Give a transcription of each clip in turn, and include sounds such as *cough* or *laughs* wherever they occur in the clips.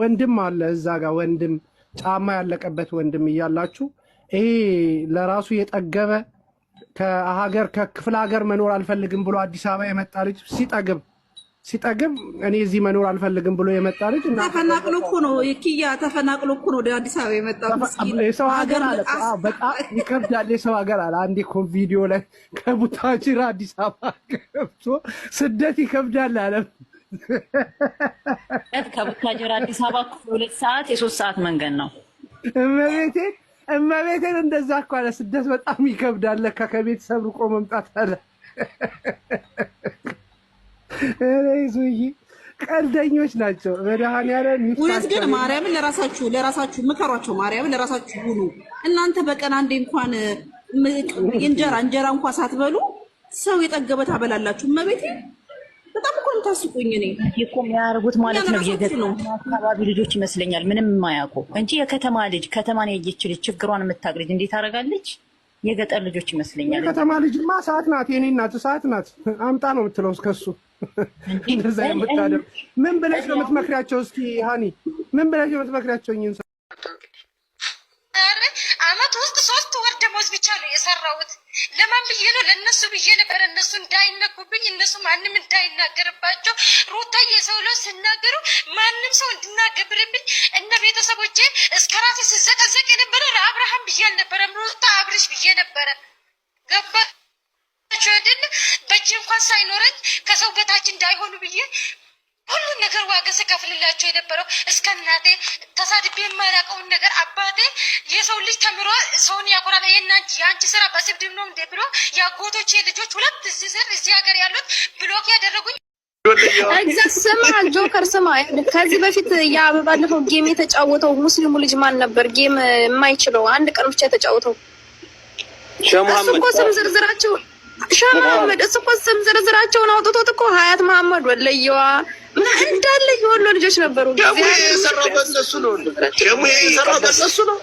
ወንድም አለ እዛ ጋር ወንድም ጫማ ያለቀበት ወንድም እያላችሁ ይሄ ለራሱ የጠገበ ከሀገር ከክፍለ ሀገር መኖር አልፈልግም ብሎ አዲስ አበባ የመጣ ልጅ ሲጠግብ ሲጠግብ እኔ እዚህ መኖር አልፈልግም ብሎ የመጣ ልጅ ተፈናቅሎ እኮ ነው ኪያ ተፈናቅሎ እኮ ነው አዲስ አበባ የመጣው። የሰው ሀገር አለ በጣም ይከብዳል። የሰው ሀገር አለ። አንዴ እኮ ቪዲዮ ላይ ከቡታጅራ አዲስ አበባ ገብቶ ስደት ይከብዳል አለም ከቡታጀር አዲስ አበባ ሁለት ሰዓት የሶስት ሰዓት መንገድ ነው። እመቤቴ እመቤቴን እንደዛ እኮ አለ። ስደት በጣም ይከብዳል ለካ ከቤተሰብ ርቆ መምጣት አለ። ቀልደኞች ናቸው። ያለ ውይዝ ግን ማርያምን ለራሳችሁ ለራሳችሁ ምከሯቸው። ማርያምን ለራሳችሁ ሁኑ። እናንተ በቀን አንዴ እንኳን እንጀራ እንጀራ እንኳ ሳትበሉ ሰው የጠገበ ታበላላችሁ። እመቤቴ በጣም እኮ የምታስቁኝ እኔ እኮ የሚያደርጉት ማለት ነው የገጠር አካባቢ ልጆች ይመስለኛል ምንም የማያውቁ እንጂ የከተማ ልጅ ከተማን ያየች ልጅ ችግሯን የምታውቅ ልጅ እንዴት አደርጋለች? የገጠር ልጆች ይመስለኛል። የከተማ ልጅማ ሰዓት ናት፣ የኔ ናት፣ ሰዓት ናት አምጣ ነው የምትለው እስከሱ እንደዛ የምታደርግ ምን ብለሽ ነው የምትመክሪያቸው? እስኪ ሀኒ ምን ብለሽ ነው የምትመክሪያቸው? እኝን ሰው አመት ውስጥ ሶ ደሞዝ ብቻ ነው የሰራሁት። ለማን ብዬ ነው? ለእነሱ ብዬ ነበር፣ እነሱ እንዳይነኩብኝ፣ እነሱ ማንም እንዳይናገርባቸው። ሩታ የሰው ለው ስናገሩ ማንም ሰው እንድናገብርብኝ እነ ቤተሰቦቼ እስከ ራሴ ስዘቀዘቅ የነበረ ለአብርሃም ብዬ አልነበረም፣ ሩታ አብርሽ ብዬ ነበረ። ገባ ድን በእጅ እንኳን ሳይኖረኝ ከሰው በታች እንዳይሆኑ ብዬ ሁሉን ነገር ዋጋ ስከፍልላቸው የነበረው እስከ እናቴ ተሳድቤ የማላውቀውን ነገር አባቴ የሰው ልጅ ተምሮ ሰውን ያኮራል። የአንቺ ስራ በስብድብ ነው እንዴ ብሎ የአጎቶች ልጆች ሁለት ስር እዚህ ሀገር ያሉት ብሎክ ያደረጉኝ ኤግዛክት ስማ፣ ጆከር ስማ። ከዚህ በፊት ያ ባለፈው ጌም የተጫወተው ሙስሊሙ ልጅ ማን ነበር? ጌም የማይችለው አንድ ቀን ብቻ የተጫወተው እሱ እኮ ስም ዝርዝራቸው ሻ መሐመድ እሱ እኮ ስም ዝርዝራቸውን አውጥቶት እኮ ሀያት መሐመድ ወለየዋ እንዳለ የወሎ ልጆች ነበሩ። ደግሞ የሰራው በእነሱ ነው። ደግሞ የሰራው ነው።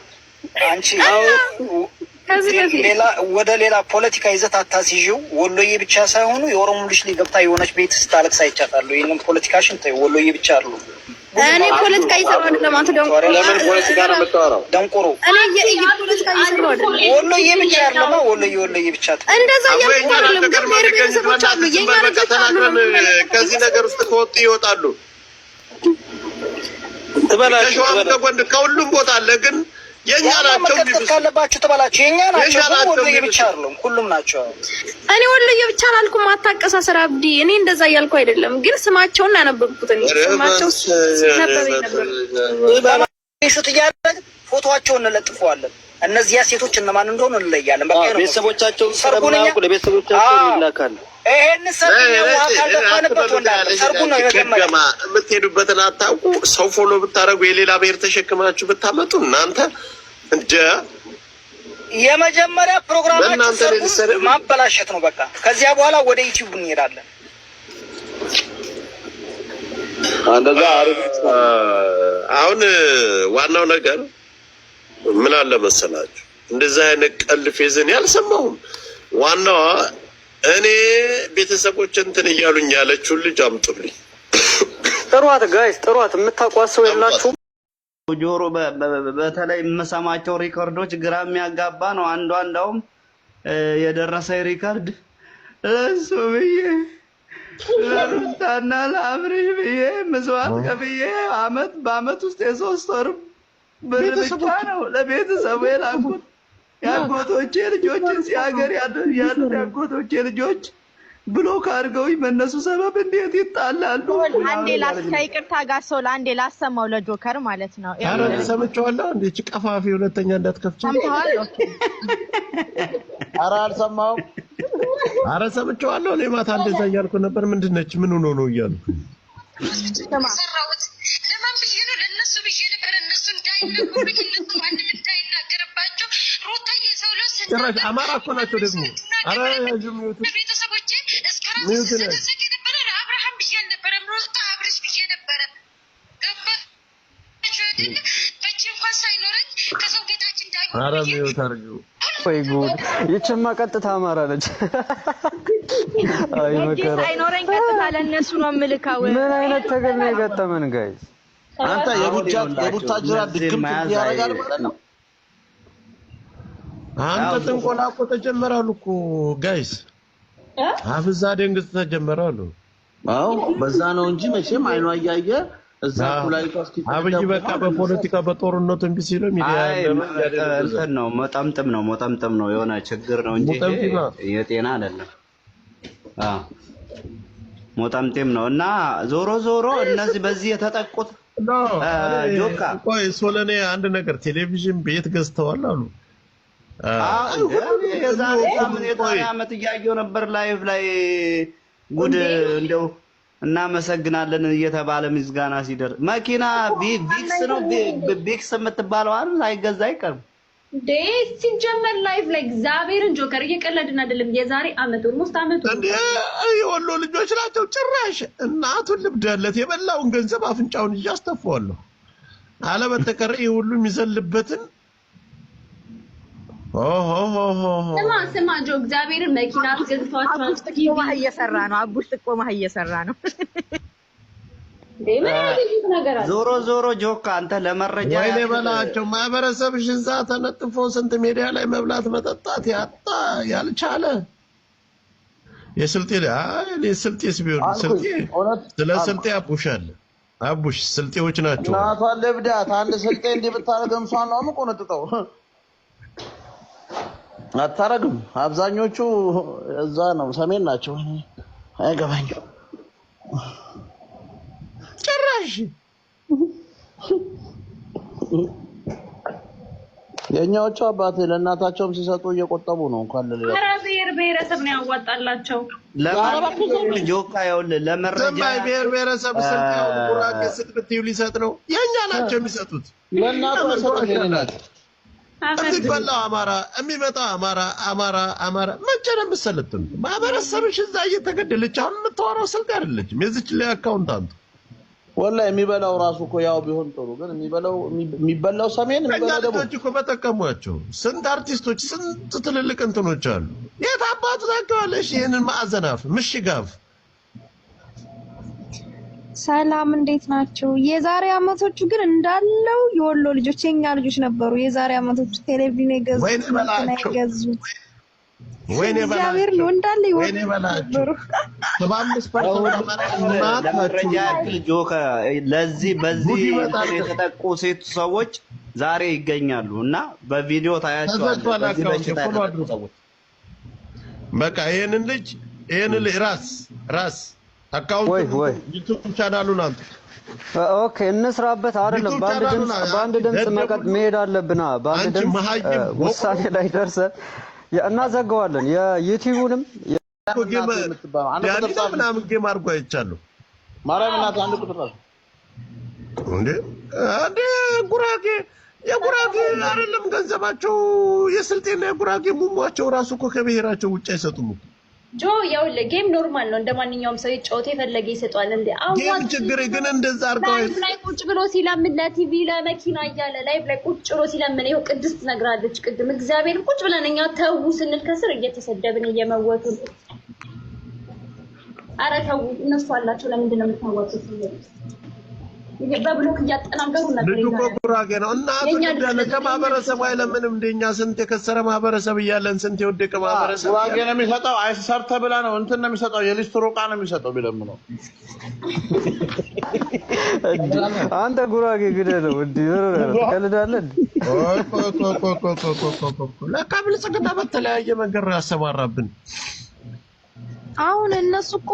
አንቺ ሌላ ወደ ሌላ ፖለቲካ ይዘት አታስይዥው። ወሎዬ ብቻ ሳይሆኑ የኦሮሞ ልጅ ሊገብታ የሆነች ቤት ስታለቅስ አይቻታለሁ። ይህንን ፖለቲካሽን ተይው። ወሎዬ ብቻ አሉ እኔ ፖለቲካ እየሰራሁ አይደለም። አንተ ደንቆሮ ለምን ፖለቲካ ነው የምታወራው? ደንቆሮ እኔ ፖለቲካ እየሰራሁ አይደለም። ወሎዬ ብቻ ያለማ ወሎዬ ወሎዬ ብቻ እንደዛ እያልኩ አይደለም። ግን ብሔር ብሔረሰቦች አሉ። የኛ ልጆች አሉ። ከዚህ ነገር ውስጥ ከወጡ ይወጣሉ። ተበላሽ ተጎንድ ከሁሉም ቦታ አለ ግን የኛ ናቸው መቀጥቀጥ ካለባችሁ ተባላችሁ። የኛ ናቸው ወሎዬ ብቻ አይደለም፣ ሁሉም ናቸው። እኔ ወሎዬ ብቻ አላልኩም፣ አታቀሳሰር አብዲ። እኔ እንደዛ እያልኩ አይደለም፣ ግን ስማቸውን አነበብኩት እንጂ ስማቸው ነበበኝ ነበር። ሹት እያደረግን ፎቶዋቸውን እንለጥፈዋለን። እነዚያ ሴቶች እነማን እንደሆኑ እንለያለን። በቃ ቤተሰቦቻቸውን ስለምናውቅ ለቤተሰቦቻቸው ይላካል። ይሄን ሰው ካልደፋንበት ወላሂ ሰርጉን ነው የመጀመሪያ የምትሄዱበትን አታውቁ። ሰው ፎሎ ብታደርጉ የሌላ ብሔር ተሸክማችሁ ብታመጡ እናንተ እንደ የመጀመሪያ ፕሮግራማችሁ ማበላሸት ነው። በቃ ከዚያ በኋላ ወደ ዩቲዩብ እንሄዳለን። አሁን ዋናው ነገር ምን አለ መሰላችሁ፣ እንደዚህ አይነት ቀልፌዝን ያልሰማሁም ዋናዋ እኔ ቤተሰቦች እንትን እያሉኝ ያለችውን ልጅ አምጡልኝ። ጥሯት ጋይስ ጥሯት። የምታውቋት ሰው የላችሁ? ጆሮ በተለይ የምሰማቸው ሪከርዶች ግራ የሚያጋባ ነው። አንዷ እንዳውም የደረሰ ሪከርድ ለሱ ብዬ ለሩታና ለአብርሽ ብዬ ምስዋት ከፍዬ አመት በአመት ውስጥ የሶስት ወር ብር ብቻ ነው ለቤተሰቡ የላኩት የአጎቶቼ ልጆች እዚህ ሀገር ያሉት የአጎቶቼ ልጆች ብሎክ አድርገውኝ በእነሱ ሰበብ እንዴት ይጣላሉ? አንዴ ከይቅርታ ጋር ሰው ለአንዴ ላሰማው ለጆከር ማለት ነው። ኧረ ሰምቼዋለሁ። እንዴች ቀፋፊ ሁለተኛ እንዳትከፍች። ሰምተዋል? ኧረ አልሰማሁም። ኧረ ሰምቼዋለሁ። እኔ ማታ እንደዛ እያልኩ ነበር። ምንድን ነች ምን ሆኖ ነው እያሉ ለማን ብዬ ነው? ለእነሱ ብዬ ነበር። እነሱ እንዳይነኩብኝ እነሱ ማንም ጭራሽ አማራ እኮ ናቸው ደግሞ ቤተሰቦቼ እስከ ራስ ዘግ ነበረ ለአብርሃም ብዬ ነበረ ወይ ጉድ! ይችማ ቀጥታ አማራ ነች። አይ መከራ አይኖረኝ ቀጥታ ለእነሱ ነው የምልካው። ምን አይነት ተገና የገጠመን ጋይዝ አንተ የቡታ የቡታ ጅራ ድክም ያረጋል ማለት ነው። አንተ ጥንቆላ እኮ ተጀመራሉ እኮ ጋይስ፣ አብዛ ደንግዝ ተጀመራሉ። አዎ በዛ ነው እንጂ መቼም አይኗ እያየ እዛ ላይ አብይ በቃ በፖለቲካ በጦርነቱ እምቢ ሲለው ሚዲያ እንትን ነው መጠምጥም ነው መጠምጥም ነው የሆነ ችግር ነው እንጂ የጤና አይደለም። አዎ መጠምጥም ነው እና ዞሮ ዞሮ እነዚህ በዚህ የተጠቁት ጆካ ቆይ ሶለኔ አንድ ነገር ቴሌቪዥን ቤት ገዝተዋል አሉ የዛሬ ሳምንት ዓመት እያየሁ ነበር ላይቭ ላይ ጉድ እንደው እናመሰግናለን እየተባለ ምስጋና ሲደር መኪና ቢክስ ነው ቢክስ የምትባለው አይደል? ሳይገዛ አይቀርም እንዴ ሲጀመር ላይፍ ላይ እግዚአብሔርን ጆከር እየቀለድን አይደለም። የዛሬ አመት ኦልሞስት አመቱ የወሎ ልጆች ናቸው። ጭራሽ እናቱን ልብዳለት የበላውን ገንዘብ አፍንጫውን እያስተፋዋለሁ አለበተቀረ ይህ ሁሉ የሚዘልበትን ስማ ስማ ጆ እግዚአብሔርን መኪና አስገዝቷቸዋል። ጥቆማ እየሰራ ነው። አቡሽ ጥቆማ እየሰራ ነው። ዞሮ ዞሮ ጆካ አንተ ለመረጃ ወይኔ በላቸው ማህበረሰብሽ እዛ ተለጥፎ ስንት ሜዲያ ላይ መብላት መጠጣት ያጣ ያልቻለ የስልጤ ስልጤስ ቢሆን ስለ ስልጤ አቡሻል አቡሽ ስልጤዎች ናቸው። እናቷን ልብዳት አንድ ስልጤ እንዲህ ብታደርግ እምሷን ነው የምቆነጥጠው አታረግም። አብዛኞቹ እዛ ነው ሰሜን ናቸው። አይገባኝም ጭራሽ። የእኛዎቹ አባት ለእናታቸውም ሲሰጡ እየቆጠቡ ነው። እንኳን ለሌ ብሔር ብሔረሰብ ነው ያዋጣላቸው። ለመረጃ ብሔር ብሔረሰብ ቁራቅ ስልክ ሊሰጥ ነው። የእኛ ናቸው የሚሰጡት ለእናቱ የሚበላ አማራ የሚመጣው አማራ አማራ አማራ መቼ ነው የምትሰለጥን? ማህበረሰብሽ እዛ እየተገደለች አሁን የምታወራው ስልክ አይደለችም። የዚች ላይ አካውንት አንቱ ወላ የሚበላው ራሱ እኮ ያው ቢሆን ጥሩ፣ ግን የሚበላው የሚበላው ሰሜን የሚበላው ደግሞ እኮ በጠቀሟቸው ስንት አርቲስቶች ስንት ትልልቅ እንትኖች አሉ። የት አባቱ ታውቂዋለሽ? ይህንን ማዕዘናፍ ምሽጋፍ ሰላም እንዴት ናቸው? የዛሬ አመቶቹ ግን እንዳለው የወሎ ልጆች የኛ ልጆች ነበሩ። የዛሬ አመቶቹ ቴሌቪዥን የገዙት የገዙት እግዚአብሔር ነው እንዳለ ይወጡ ለዚህ በዚህ የተጠቁ ሴት ሰዎች ዛሬ ይገኛሉ እና በቪዲዮ ታያቸዋለህ። በቃ ይሄንን ልጅ ይሄንን ራስ ራስ ኦኬ እንስራበት። አይደለም በአንድ ድምፅ መቀጥ መሄድ አለብና በአንድ ድምፅ ውሳኔ ላይ ደርሰን እናዘገዋለን። የዩቲዩቡንም ጉራጌ የጉራጌ አይደለም ገንዘባቸው የስልጤና የጉራጌ ሙሟቸው ራሱ እኮ ከብሔራቸው ውጭ አይሰጡም። ጆ ያው ጌም ኖርማል ነው። እንደማንኛውም ሰው ይጫወት የፈለገ ይሰጧል። እንደ ጌም ችግር ግን እንደዛ አርገው ላይ ቁጭ ብሎ ሲለምን ለቲቪ ለመኪና እያለ ላይቭ ላይ ቁጭ ብሎ ሲለምን ይኸው ቅድስት ትነግራለች ቅድም እግዚአብሔር ቁጭ ብለን እኛ ተዉ ስንል ከስር እየተሰደብን እየመወቱ አረ ተዉ እነሱ አላቸው። ለምንድን ነው የምታወጡት? በብሎክ እያጠናገሩ ነበር። ልጁ እኮ ጉራጌ ነው። እናቱ እንዳለ ከማህበረሰቡ አይለምንም። እንደኛ ስንት የከሰረ ማህበረሰብ እያለን ስንት የወደቀ ማህበረሰብ ጉራጌ ነው የሚሰጠው። አይሰርተ ብላ ነው እንትን ነው የሚሰጠው። የሊስትሮ ትሮቃ ነው የሚሰጠው። ቢለም ነው አንተ ጉራጌ ግደ ነው እንዲ ቀልዳለን። ለካ ብልጽግና በተለያየ መንገድ ያሰማራብን አሁን እነሱ እኮ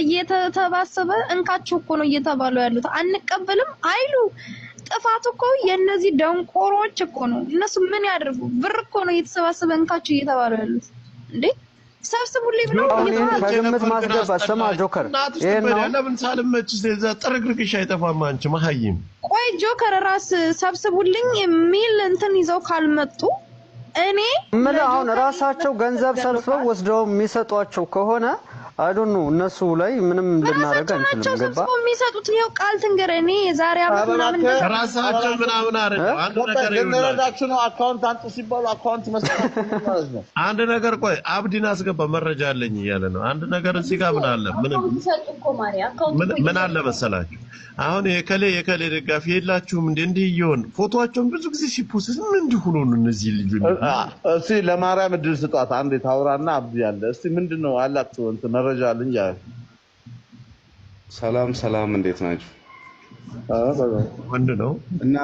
እየተሰባሰበ እንካቸው እኮ ነው እየተባሉ ያሉት። አንቀበልም አይሉ። ጥፋት እኮ የእነዚህ ደንቆሮች እኮ ነው። እነሱ ምን ያደርጉ? ብር እኮ ነው እየተሰባሰበ እንካቸው እየተባሉ ያሉት እንዴ ጆከር፣ ለምን ሰብስቡልኝ የሚል እንትን ይዘው ካልመጡ እኔ ምን አሁን ራሳቸው ገንዘብ ሰብስበው ወስደው የሚሰጧቸው ከሆነ አይዶን ነው እነሱ ላይ ምንም ልናደርግ አንችልም። ገባ የሚሰጡት ይኸው ቃል ትንገረ እኔ የዛሬ አመት ምናምን ራሳቸው ምናምን አይደለም። አንድ ነገር ልንረዳችሁ ነው። አካውንት አንጡ ሲባሉ አካውንት መስጠት ነው። አንድ ነገር ቆይ አብዲን አስገባ መረጃ አለኝ እያለ ነው። አንድ ነገር እዚህ ጋር ምን አለ ምን አለ መሰላችሁ አሁን የከሌ የከሌ ደጋፊ የላችሁም እንዴ? እንዲህ እየሆን ፎቶቸውን ብዙ ጊዜ ሲፖስት ምን እንዲሆኑ ነው እነዚህ ልጁ። እስቲ ለማርያም እድል ስጧት አንዴ ታውራና አብዲ ያለ እስቲ ምንድን ነው አላት እንትን መረጃ አለኝ ያ ሰላም ሰላም፣ እንዴት ናችሁ? ወንድ ነው እና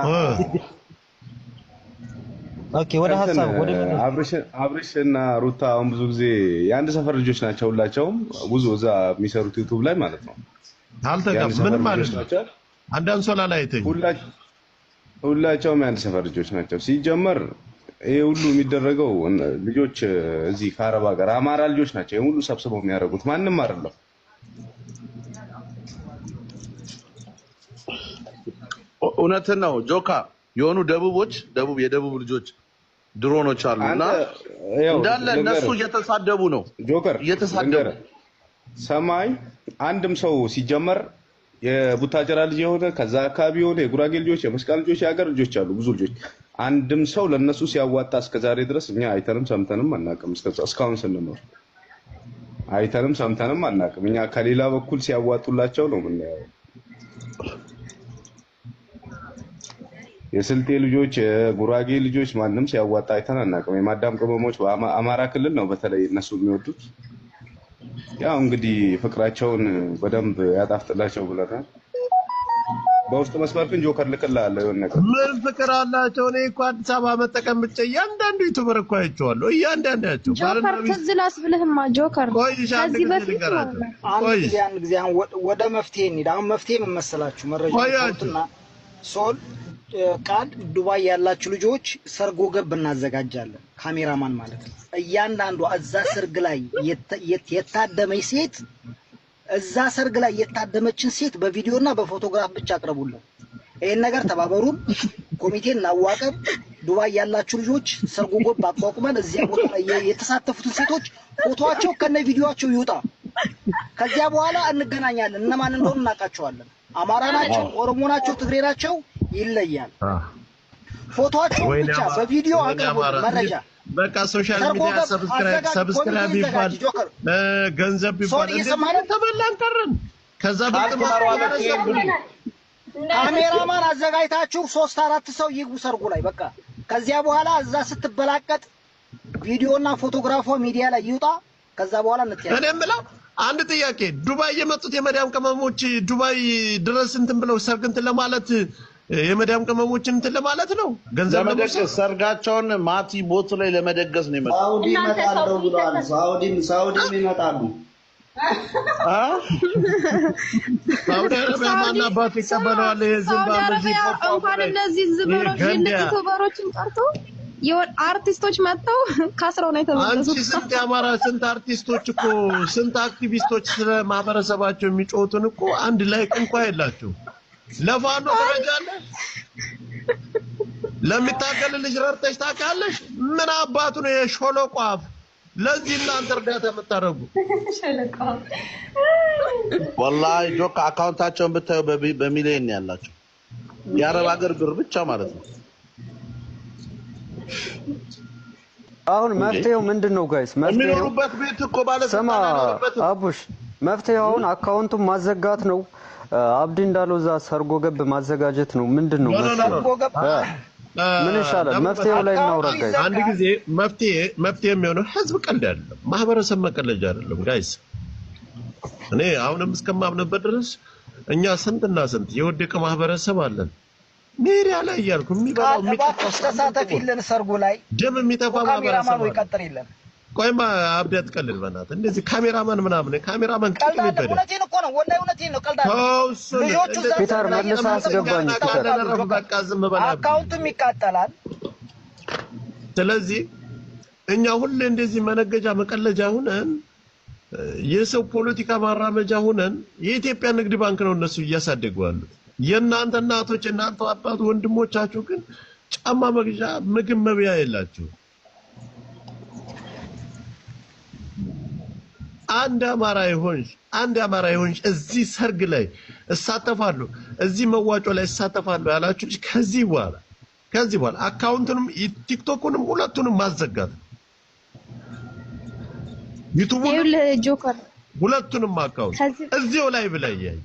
ኦኬ፣ ወደ ሐሳብ ወደ አብርሽ እና ሩታ አሁን ብዙ ጊዜ የአንድ ሰፈር ልጆች ናቸው። ሁላቸውም ብዙ እዛ የሚሰሩት ዩቱብ ላይ ማለት ነው። አልተጋም ምንም ማለት ነው። አንድ አንሶላ ላይ ሁላቸውም የአንድ ሰፈር ልጆች ናቸው ሲጀመር ይሄ ሁሉ የሚደረገው ልጆች እዚህ ከአረብ ሀገር አማራ ልጆች ናቸው። ይሄ ሁሉ ሰብስበው የሚያደርጉት ማንም አይደለም። እውነትን ነው ጆካ የሆኑ ደቡቦች ደቡብ የደቡብ ልጆች ድሮኖች አሉ እና እንዳለ እነሱ እየተሳደቡ ነው። ጆከር እየተሳደቡ ሰማይ አንድም ሰው ሲጀመር የቡታጀራ ልጅ የሆነ ከዛ አካባቢ የሆነ የጉራጌ ልጆች፣ የመስቀል ልጆች፣ የሀገር ልጆች አሉ ብዙ ልጆች አንድም ሰው ለነሱ ሲያዋጣ እስከዛሬ ድረስ እኛ አይተንም ሰምተንም አናውቅም። እስካሁን ስንኖር አይተንም ሰምተንም አናውቅም። እኛ ከሌላ በኩል ሲያዋጡላቸው ነው የምናየው። የስልጤ ልጆች፣ የጉራጌ ልጆች ማንም ሲያዋጣ አይተን አናውቅም። የማዳም ቅመሞች በአማራ ክልል ነው በተለይ እነሱ የሚወዱት። ያው እንግዲህ ፍቅራቸውን በደንብ ያጣፍጥላቸው ብለናል። በውስጥ መስመር ግን ጆከር ልቅልሃለሁ። የሆነ ነገር ምን ፍቅር አላቸው? እኔ እኮ አዲስ አበባ መጠቀም ብቻ እያንዳንዱ ዩቱበር እኮ አይቼዋለሁ። እያንዳንዳቸው ጆከር ትዝ ላስብልህማ ጆከር ከዚህ በፊት አንድ ጊዜ ወደ መፍትሄ እንሂድ። አሁን መፍትሄ ምን መሰላችሁ? መረጃና ሶል ቃል ዱባይ ያላችሁ ልጆች ሰርጎ ገብ እናዘጋጃለን። ካሜራማን ማለት ነው። እያንዳንዱ እዛ ሰርግ ላይ የታደመች ሴት እዛ ሰርግ ላይ የታደመችን ሴት በቪዲዮ እና በፎቶግራፍ ብቻ አቅርቡልን። ይህን ነገር ተባበሩን፣ ኮሚቴን እናዋቅር። ዱባይ ያላችሁ ልጆች ሰርጉ ጎብ አቋቁመን እዚያ ቦታ ላይ የተሳተፉትን ሴቶች ፎቶቸው ከነ ቪዲዮቸው ይውጣ። ከዚያ በኋላ እንገናኛለን። እነማን እንደሆኑ እናውቃቸዋለን። አማራ ናቸው፣ ኦሮሞ ናቸው፣ ትግሬ ናቸው፣ ይለያል። ፎቶአችሁን ብቻ በቪዲዮ አቅርቡ መረጃ። በቃ ሶሻል ሚዲያ ሰብስክራይብ ሰብስክራይብ ይባል ገንዘብ ቢባል ተበላን ቀረን። ከዛ ካሜራማን አዘጋጅታችሁ ሶስት አራት ሰው ይግቡ ሰርጉ ላይ በቃ። ከዚያ በኋላ እዛ ስትበላቀጥ ቪዲዮና ፎቶግራፎ ሚዲያ ላይ ይውጣ። ከዛ በኋላ እንትን እኔም የምለው አንድ ጥያቄ ዱባይ የመጡት የመዳም ቅመሞች ዱባይ ድረስ እንትን ብለው ሰርግ እንትን ለማለት የመዳም ቅመሞችን እንትን ለማለት ነው። ገንዘብ ለመደገስ ሰርጋቸውን ማቲ ቦት ላይ ለመደገስ ነው ይመጣ ሳውዲ ይመጣሉ ብለዋል። ሳውዲም ሳውዲም ይመጣሉ። ሳውዲ አረቢያ ማን አባት ይቀበለዋል? እንኳን እነዚህ ዝበሮች ዩቱበሮችን ቀርቶ አርቲስቶች መጥተው *laughs* ከስረው ነው የተመለሱት። አንቺ ስንት የአማራ ስንት አርቲስቶች እኮ ስንት አክቲቪስቶች ስለ ማህበረሰባቸው የሚጮሁትን እኮ አንድ ላይክ እንኳ የላቸው ለፋኖ ትረጃለሽ? ለሚታገል ልጅ ረርተሽ ታውቂያለሽ? ምን አባቱ ነው የሾለቆ አፍ? ለዚህ እናንተ እርዳታ የምታደርጉ ወላሂ ጆካ አካውንታቸውን ብታዩ በሚሊዮን ያላቸው የአረብ ሀገር ብር ብቻ ማለት ነው። አሁን መፍትሄው ምንድን ነው ጋይስ? የሚኖሩበት ቤት እኮ ባለስልጣን አቡሽ፣ መፍትሄው አሁን አካውንቱን ማዘጋት ነው። አብዲ እንዳለው እዛ ሰርጎ ገብ ማዘጋጀት ነው። ምንድን ነው ምን ይሻላል? መፍትሄው ላይ እናውራ ጋይስ። አንድ ጊዜ መፍትሄ መፍትሄ የሚሆነው ህዝብ ቀልድ አይደለም፣ ማህበረሰብ መቀለጃ አይደለም ጋይስ። እኔ አሁንም እስከማምንበት ድረስ እኛ ስንትና ስንት የወደቀ ማህበረሰብ አለን። ሜዳ ላይ እያልኩ የሚባለው የሚጠፋ ሰርጉ ላይ ደም የሚጠፋ ማህበረሰብ ይቀጥር የለም ቆይማ አብዲ አትቀልድ፣ በእናትህ እንደዚህ ካሜራማን ምናምን ካሜራማን ቀልድ ይበደል። ፒተር መልሰህ አስገባኝ። በቃ ይቃጠላል። ስለዚህ እኛ ሁሌ እንደዚህ መነገጃ መቀለጃ ሁነን የሰው ፖለቲካ ማራመጃ ሁነን የኢትዮጵያ ንግድ ባንክ ነው እነሱ እያሳደጉ ያሉት። የእናንተ እናቶች፣ እናንተ አባት፣ ወንድሞቻችሁ ግን ጫማ መግዣ ምግብ መብያ የላችሁ አንድ አማራ ይሆንሽ አንድ አማራ ይሆንሽ እዚህ ሰርግ ላይ እሳተፋለሁ፣ እዚህ መዋጮ ላይ እሳተፋለሁ ያላችሁ ልጅ ከዚህ በኋላ ከዚህ በኋላ አካውንቱንም ቲክቶኩንም ሁለቱንም ማዘጋት ዩቱቡን ሁለቱንም አካውንት እዚው ላይ ብለያይ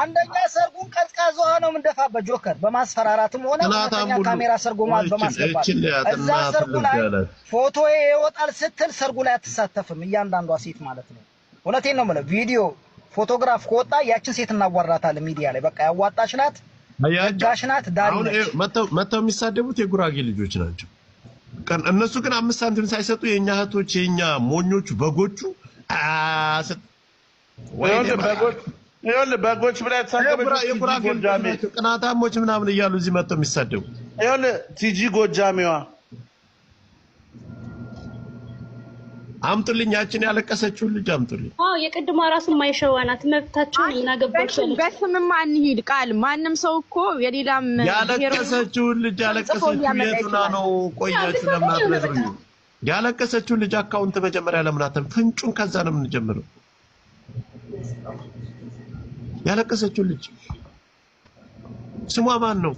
አንደኛ ሰርጉን ቀዝቃዛ ውሃ ነው የምንደፋበት። ጆከር በማስፈራራትም ሆነ ሁለተኛ ካሜራ ሰርጉ ማል በማስገባት እዛ ሰርጉ ላይ ፎቶ ይወጣል ስትል ሰርጉ ላይ አትሳተፍም። እያንዳንዷ ሴት ማለት ነው። እውነቴን ነው የምልህ። ቪዲዮ ፎቶግራፍ ከወጣ ያችን ሴት እናዋራታለን ሚዲያ ላይ። በቃ ያዋጣሽ ናት፣ ጋሽ ናት፣ ዳሪ መተው የሚሳደቡት የጉራጌ ልጆች ናቸው። እነሱ ግን አምስት ሳንቲም ሳይሰጡ የእኛ እህቶች የእኛ ሞኞቹ በጎቹ ይኸውልህ በጎች ብላ የተሳደበች ቅናታሞች ምናምን እያሉ እዚህ መጥቶ የሚሳደቡ ይኸውልህ ቲጂ ጎጃሜዋ አምጡልኝ፣ ያችን ያለቀሰችውን ልጅ አምጡልኝ። አዎ የቅድሟ ራሱ የማይሸዋ ናት። መብታቸውን እናገባቸው። በስምም አንሂድ ቃል ማንም ሰው እኮ የሌላም ያለቀሰችውን ልጅ ያለቀሰችው የቱና ነው? ቆያችሁ ለምን አትነግሩኝ? ያለቀሰችውን ልጅ አካውንት መጀመሪያ ለምናተን ፍንጩን ከዛ ነው የምንጀምረው። ያለቀሰችው ልጅ ስሟ ማን ነው?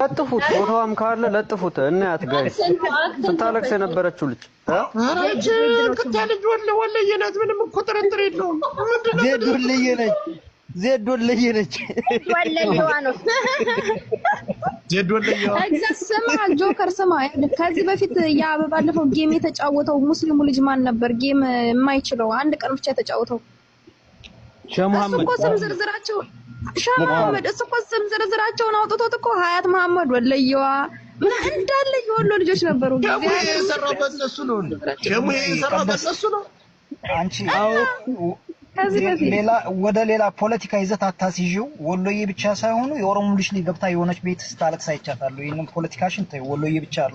ለጥፉት፣ ፎቶዋም ካለ ለጥፉት። እናያት ጋር ስታለቅስ የነበረችው ልጅ ቅታ ልጅ ወለ ወለየ ናት። ምንም እኮ ጥርጥር የለውም። ዜድ ወለየ ነች። ዜድ ወለየ ነች። ወለየዋ ነው። ዜድ ወለየዋ ስማ፣ ጆከር ስማ፣ ከዚህ በፊት ያ ባለፈው ጌም የተጫወተው ሙስሊሙ ልጅ ማን ነበር? ጌም የማይችለው አንድ ቀን ብቻ የተጫወተው እሱ እኮ ዝርዝራቸው እሱ እኮ ስም ዝርዝራቸውን አውጥቶት እኮ ሀያት መሐመድ ወለየዋ እንዳለ የወሎ ልጆች ነበሩ። ነው። ሌላ ወደ ሌላ ፖለቲካ ይዘት አታስይዥው። ወሎዬ ብቻ ሳይሆኑ የኦሮሞ ልጅ ገብታ የሆነች ቤት ስታለቅስ አይቻታለሁ። ይህንን ፖለቲካሽን ወሎዬ ብቻ አሉ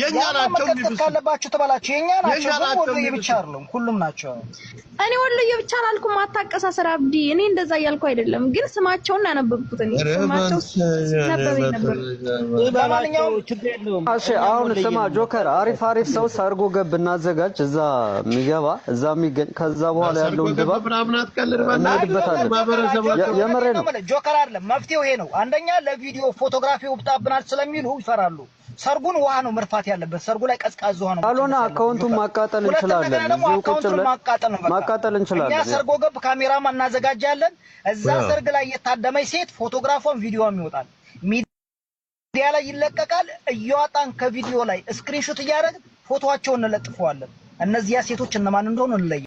የኛ ናቸው የሚብሱ ካለባችሁ ተባላችሁ። የኛ ናቸው ግን ወሎዬ ብቻ አይደለም፣ ሁሉም ናቸው። እኔ ወሎዬ ብቻ አላልኩም፣ አታቀሳሰር አብዲ። እኔ እንደዛ እያልኩ አይደለም፣ ግን ስማቸውን አነበብኩት። እኔ ስማቸው ነበበ ነበር። ለማንኛውም እሺ፣ አሁን ስማ ጆከር፣ አሪፍ አሪፍ ሰው ሰርጎ ገብ እናዘጋጅ፣ እዛ የሚገባ እዛ የሚገኝ፣ ከዛ በኋላ ያለውን ድባብ እናድበታለን። የምሬ ነው ጆከር፣ አይደለም መፍትሄው ይሄ ነው። አንደኛ ለቪዲዮ ፎቶግራፊ ውጣብናል ስለሚሉ ይፈራሉ። ሰርጉን ውሃ ነው መርፋት ያለበት። ሰርጉ ላይ ቀዝቃዝ ውሃ ነው አሎና አካውንቱን ማቃጠል እንችላለን። ደግሞ አካውንቱን ማቃጠል ነው ማቃጠል እንችላለን። እኛ ሰርጎ ገብ ካሜራም እናዘጋጃለን። እዛ ሰርግ ላይ የታደመች ሴት ፎቶግራፏን፣ ቪዲዮም ይወጣል፣ ሚዲያ ላይ ይለቀቃል። እያወጣን ከቪዲዮ ላይ ስክሪንሾት እያደረግን ፎቶዋቸውን እንለጥፈዋለን። እነዚያ ሴቶች እነማን እንደሆኑ እንለየ